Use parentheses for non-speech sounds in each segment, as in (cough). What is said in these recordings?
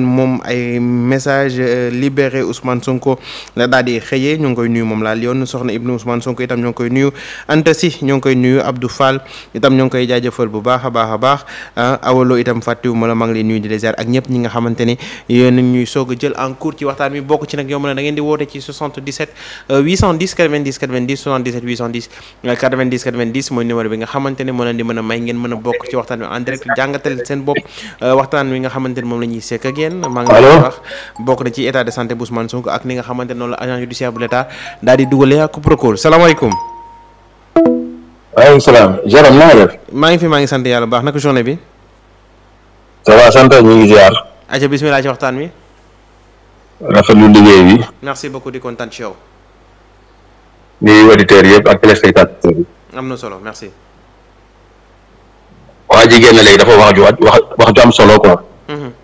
moom ay message euh, libéré Ousmane Sonko la daal xëyee ñoo ngi koy nuyu moom laa yoon soxna Ibnu Ousmane Sonko itam ñoo koy nuyu Anta ñoo koy nuyu Abdou Fall itam ñoo ngi koy jaajëfal bu baax a baax a baax ah, awaloo itam fàttewuma la maa lay nuyu di la ak ñëpp ñi nga xamante ne yéen ñuy soog jël en cours ci waxtaan bi bokk ci nag yomb na da ngeen di woote ci euh, euh, mooy numéro bi nga xamante ne di mën a may ngeen mën a bokk ci waxtaan wi nga xamante ngeen maa ngi leen bokk na ci état de santé bu Ousmane Sonko ak ni nga xamante noonu la agent judiciaire bu l'état daal di dugalee ak procureur salaamaaleykum waaleykum salaam Jérôme na nga def maa ngi fi maa ngi sant yàlla baax naka journée bi ça va sant ñu ngi ziar aca bismillah ci waxtaan wi rafetlu liggéey bi merci beaucoup di kontaan ci yow di auditeurs yëpp ak téléspectateurs yi am na solo merci waa jigéen léegi dafa wax ju wax wax ju am solo quoi mhm.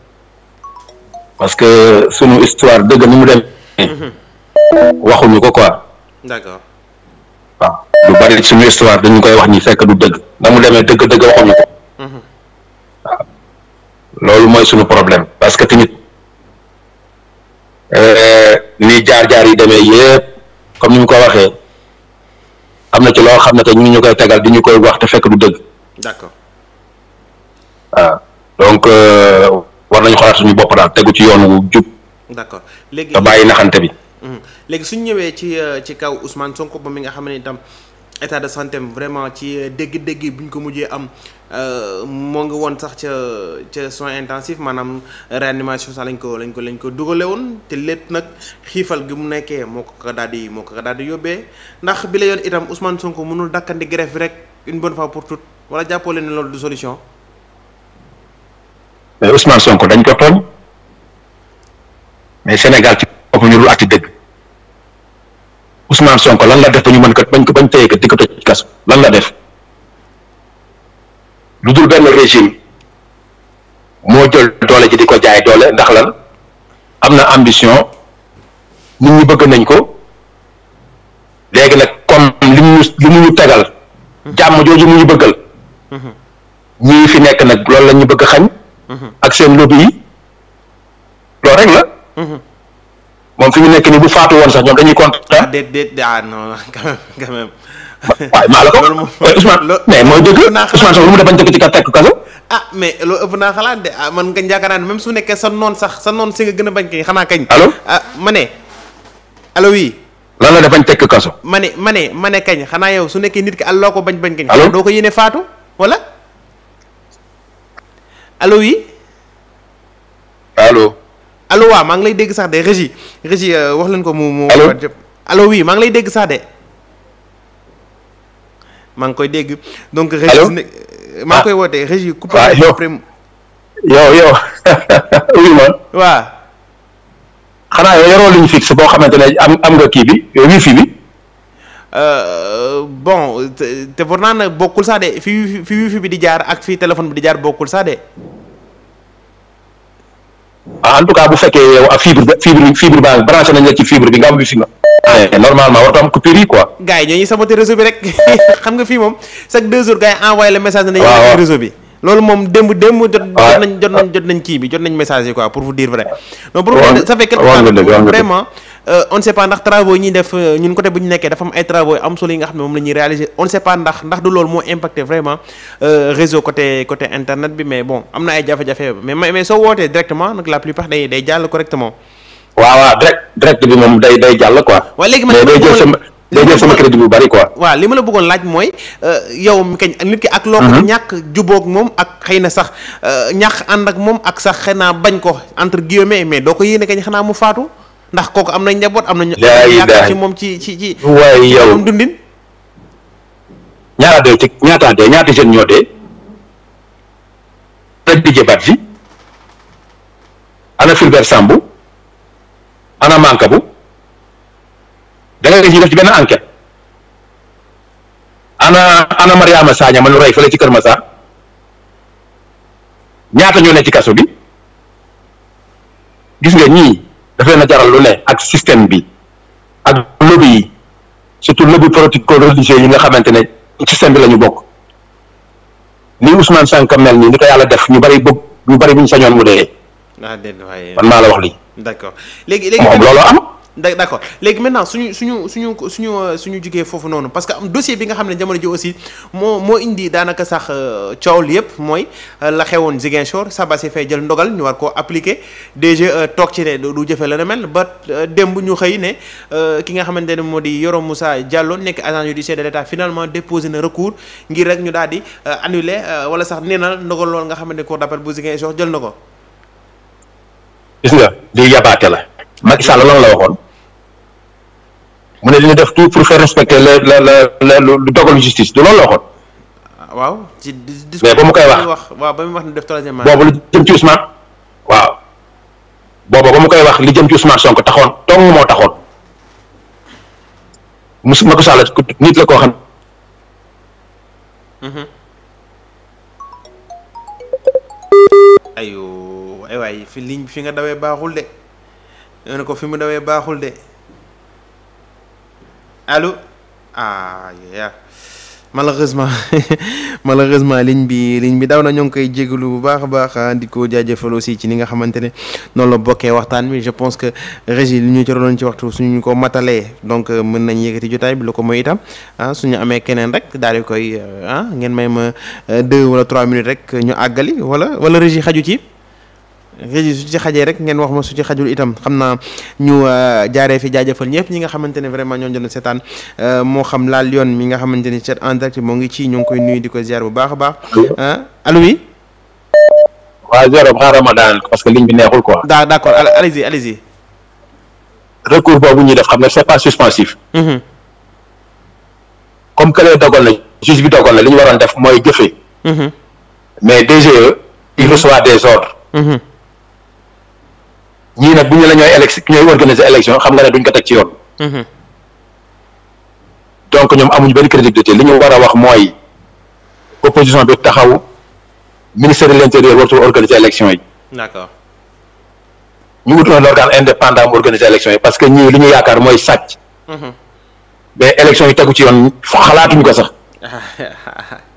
parce que suñu histoire dëgg ni mu demee. Mm-hmm. waxuñu ko quoi. waaw lu bari suñu histoire dañu koy wax ni fekk du dëgg na mu demee dëgg dëgg waxuñu ko. Mm-hmm. loolu mooy suñu problème parce que tamit euh, ni jaar-jaar yi demee yépp comme ni mu ko waxee am na ci loo xam ne que ñu ñu koy tegal di ñu koy wax te fekk du dëgg. d'accord euh, war nañu xoolaat suñu bopp daal tegu ci yoon wu jub. d'accord léegi te bàyyi naxante bi. Hmm. léegi suñu ñëwee ci euh, ci kaw usman Sonko ba mi nga xam ne itam état de santé vraiment ci euh, dégg-dégg bi ñu ko mujjee am euh, moo ngi woon sax ca ca soins intensifs maanaam réanimation sax lañ ko lañ ko lañ ko dugale woon te lépp nag xiifal gi mu nekkee moo ko ko daal di moo ko ko daal di yóbbee ndax bi la yoon itam Ousmane Sonko mënul dakkandi greffe bi rek une bonne fois pour tout wala jàppoo leen loolu du solution. mais Ousmane Sonko dañ ko tooñ mais Sénégal ci boppam ñu dul àtti dëgg Ousmane Sonko lan la def ba ñu mën ko bañ ko bañ téye ko di ko tëj kaso lan la def lu dul benn régime moo jël doole ji di ko jaay doole ndax lan am na ambition nit ñi bëgg nañ ko léegi nag comme li mu li mu ñu tegal jàmm jooju mu ñu bëggal mm-hmm. ñii fi nekk nag loolu la ñu bëgg xañ Mm-hmm. ak seen lobby yi loolu rek la. Mm-hmm. moom fi ñu nekk nii bu faatu woon sax ñoom dañuy kontaan. ah déet déet ah non (laughs) quand même. waaye maa la ko waaye (laughs) eh, Ousmane. mais mooy dëgg Ousmane sax lu mu def bañ dëkk ci tekk kaso. ah mais loolu ëpp naa xalaat de ah man nga yaakaar naa su nekkee sa noon sax sa noon si nga gën a bañ kañ xanaa kañ. allo ah ma ne allo lan la def bañ tekk kaso. ma ne ma ma ne kañ xanaa yow su nekkee nit ki àlloo ko bañ bañ kañ. doo ko yéene faatu wala. alo yi. allo. alo waa maa ngi lay dégg sax de régie régie euh, wax leen ko mu mu. allo allo oui maa ngi lay dégg sax de. maa ngi koy dégg donc. allo maa ngi koy ah. wootee régie. coupé ah, après yow yow (laughs) oui man. waaw. xanaa yow yoroo ligne fixe boo xamante ne am am nga kii bi wifi bi. Euh, bon te te war naa ne bokkul sax de fi fi bi di jaar ak fi téléphone bi di jaar bokkul sax de. Ah, en tout cas bu fekkee yow ak fibre fibre fibre baa branché nañ la ci fibre bi nga am wifi nga normalement warut am coupure yi quoi. gars yi ñooñu réseau bi rek (laughs) xam nga fii moom chaque deux jours gars yi envoyé le message. waaw waaw ne réseau bi. jot. jot nañ jot jot nañ kii bi jot nañ message yi quoi pour vous dire vrai. donc pour ça fait vraiment. Euh, on ne sait pas ndax travaux yi ñuy def euh, ñun côté bu ñu nekkee dafa am ay travaux yu am solo yi nga xam ne moom la ñuy réaliser on ne sait pas ndax ndax du loolu moo impacté vraiment euh, réseau côté côté internet bi mais bon am na ay jafe-jafe mais mais soo wootee directement nag la plupart day day jàll correctement. waaw waaw direct direct bi moom day day jàll ko waaye léegi man day jël sama crédit bu bari quoi. waa li ma la bëggoon laaj mooy yow mi kañ nit ki ak. loo ko mhm. ñàkk jubóog moom ak xëy na sax ñàkk ànd ak moom ak sax xëy naa bañ ko entre guillemets mais doo ko yéene kañ xanaa mu faatu. ndax kooku am nañ njaboot am nañu. yaakaar ci moom ci ci ci. waaye yow dundin. ñaata dee ci ñaata dee ñaata jeunes ñoo dee. ana Didier Badji ana Fulbert Sambou ana Mancabou da nga gis ñu def ci benn enquête ana ana Mariama Sagna ma lu rey fële ñaata ñoo ne ci kaso bi gis nga ñii. daf leen a jaral lu ne ak système bi ak lobby yi surtout lobby politique religieux yi nga xamante ne système bi la ñu bokk ni Ousmane Sonko mel nii ni ko yàlla def ñu bari bëgg ñu bari bu ñu sañoon mu dee. Ah, man maa la wax lii. moom looloo am. d' accord léegi maintenant suñu suñu suñu suñu euh, suñu jugee foofu noonu parce que am dossier bi nga xam ne jamono ji aussi moo moo indi daanaka sax euh, coow li yëpp mooy euh, la xewoon Ziguinchor si Faye jël ndogal ñu war koo appliqué DGE toog ci ne du jëfe la ne mel ba démb ñu xëy ne ki nga xamante ne moo di Yoro Moussa Diallo nekk agent judiciaire de l' état finalement déposé na recours ngir rek ñu daal di annulé wala sax nee na ndogal loolu nga xamante ne cour d' appel bu Ziguinchor jël na ko. gis la. Macky la waxoon. mu ne dina def tout pour faire respecter la la la lu dogalu justice du loolu la waxoon. Ah, waaw ci discours ba mu koy wax waaw ba mu wax ni def troisième mandat boobu lu jëm ci Ousmane waaw boobu ba mu koy wax li jëm ci Ousmane Sonko taxoon tong moo taxoon mus ko Sall nit la koo xam. aywa mhm. aywaay fi ligne fi nga dawee baaxul de nee na ko fi mu dawee baaxul de. allo ah yeah. malheureusement (laughs) malheureusement ligne bi ligne bi daw na ñoo ngi koy jégalu bu baax a baax ah, di ko jaajëfal si ci ni nga xamante ne noonu la bokkee waxtaan bi je pense que régi li ñu ci doon ci waxtu suñu ko matalee donc euh, mën nañ yëkkati jotaay bi lu ko mooy itam ah suñu amee keneen rek daal di koy euh, ah ngeen may ma euh, deux wala trois minutes rek ñu àggali wala wala régi xaju ci. régi su ci xajee rek ngeen wax ma su ci xajul itam xam naa ñu euh, jaaree fi jaajëfal ñëpp ñi nga xamante ne vraiment ñoo doon seetaan euh, moo xam laal yoon mi nga xamante ni seet en direct moo ngi ci ñu ngi koy nuyu di ko ziar bu a baax allo ma daaneel parce que ligne bi neexul quoi daa d' accord allez-y allez-y recours boobu ñuy def xam nga c' est pas suspensif mm-hmm. comme que lee dogal na juge bi dogal na li ñu waroon def mooy jëfe mm-hmm. mais DGE il mm-hmm. reçoit des ordres ñii nag bu ñu la ñooy élec ñooy organiser élection xam nga ne duñ ko teg ci yoon. Mm-hmm. donc ñoom amuñu benn crédibilité li ñu war a wax mooy opposition bi taxaw ministère de l' intérieur wartul organiser élection yi. d'accord ñu wutoon organe indépendant mu organiser élection parce que ñii li ñu yaakaar mooy sàcc. Mm-hmm. mais élection yi tegu ci yoon xalaatuñ ko sax. (laughs)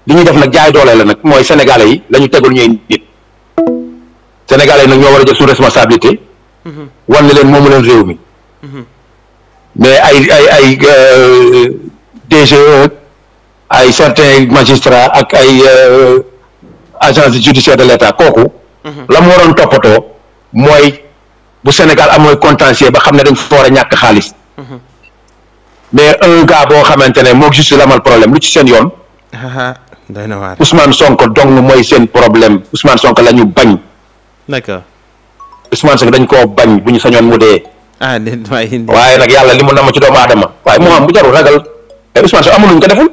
li ñuy def nag jaay doole la nag mooy sénégalais yi la tegul ñuy nit sénégalais yi nag ñoo war a jël suñu responsabilité. wan na leen moomu leen réew mi mais ay ay ay euh, DGE ay certains magistrats ak ay euh, agence judiciaire de l'État kooku la mu waroon toppatoo mooy bu Sénégal amooy contentieux ba xam ne dañ foor a ñàkk xaalis mais un gars boo xamante ne moo juste lamal problème lu ci seen yoon Ousmane Sonko donc mooy seen problème Ousmane Sonko la ñu bañ Ousmane Sonko dañ koo bañ bu ñu sañoon mu dee. ah déedéet waaye nag yàlla li na nam ci doomu aadama waaye moo am bu jarul ragal ay eh, Ousmane Sonko amul ko deful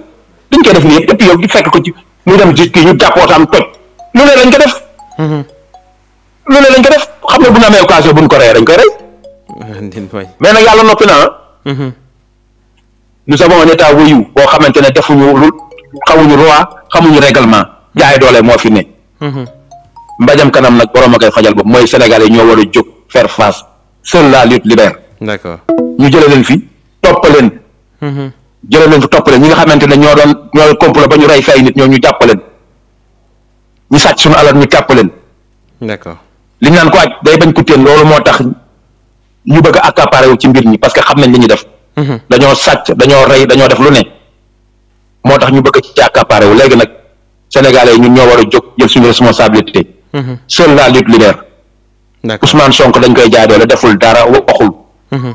dañ koy def nii yëpp yow ko ci mu dem ci kii ñu jàppootaam toj lu ne ko def. Mm-hmm. lu ne lañ ko def xam ne bu ñu amee occasion bu ñu ko rey dañ koy rey. Ah, mais nag yàlla noppi naa. Ah. Mm-hmm. nous avons un état boo xamante ne defuñu lu xamuñu loi xamuñu règlement jaay doole moo fi ne. Mm-hmm. mbajam kanam nag borom a koy fajal bopp mooy Sénégal yi ñoo war a jóg faire face seule la lutte libère. ñu jëlee leen fi toppaleen. Mm-hmm. jëlee leen fi toppaleen ñi nga xamante ne ñoo doon ñoo complot ba ñu rey fi ay nit ñoo ñu jàppaleen ñu sàcc suñu alal ñu jàppaleen. d'accord li ñu naan ko aj day bañ ku teen loolu moo tax ñu bëgg a accaparer wu ci mbir ñi parce que xam nañ li ñuy def. Mm-hmm. dañoo sàcc dañoo rey dañoo def lu ne moo tax ñu bëgg ci accaparer wu léegi nag sénégalais yi ñun ñoo war a jóg jël suñu responsabilité. Mm-hmm. seule la lutte libère. d'accord Ousmane Sonko dañ koy jaay doole deful dara waxul. Mm-hmm.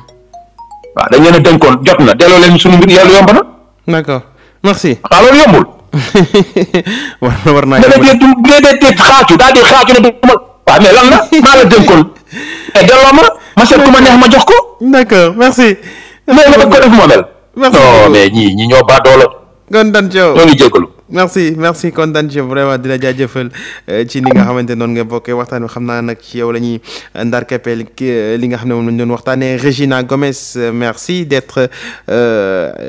waaw dañ leen a dénkoon jot na delloo leen suñu mbir yàlla yomb na. d'accord merci. waaw ah, loolu yombul. (laughs) war na war da dee xaaju daal di xaaju ne du ma. waaw mais lan la maa la dénkoon. (laughs) Eh, delloo ma ma seet ku ma neex ma jox ko. d'accord merci. mais nga ko def moo mel. merci ñi ñoo baax doole. kon dan coow ñoo ngi merci merci kontaan ci vraiment di la jaajëfal euh, ci li nga xamante noonu nga bokkee waxtaan wi xam naa nag ci yow la ñuy ndarkeppee euh, li nga xam ne moom lañ doon waxtaanee Régina Gomes euh, merci d'être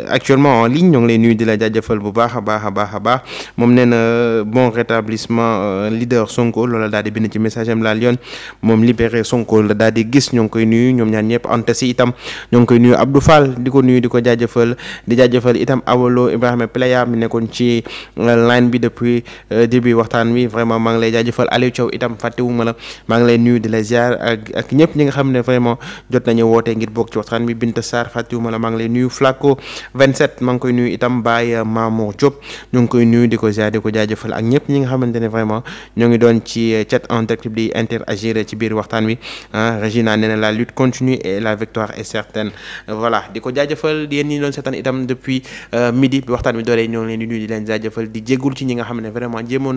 actuellement en ligne ñoo ngi lay nuyu di la jaajëfal bu baax a baax a baax a baax moom nee na bon rétablissement leader Sonko loola daal di bind ci message am laal yoon moom libéré Sonko la daal di gis ñoo ngi koy nuyu ñoom ñaan ñëpp ante si itam ñoo ngi koy nuyu Abdou Fall di ko nuyu di ko jaajëfal di jaajëfal itam Awolo Ibrahima Pleya mi nekkoon ci line bi depuis euh, début waxtaan wi vraiment maa lay jaajëfal Aliou Thiaw itam fàttewuma la maa ngi nuyu di la ziar ak ak ñëpp xam ne vraiment jot nañu woote ngir bokk ci waxtaan bi Binta Sarr fàttewuma la maa ngi lay nuyu Flaco 27 maa ngi koy nuyu itam Baye Mamour Diop ñu ngi koy nuyu di ko ziar di ko jaajëfal ak ñëpp ñi nga xamante ne vraiment ñoo ngi doon ci euh, chat en direct di interagir ci biir waxtaan wi ah Régina nee la lutte continue et la victoire est certaine voilà di ko jaajëfal yéen di jégul ci ñi nga xam ne vraiment jéemoon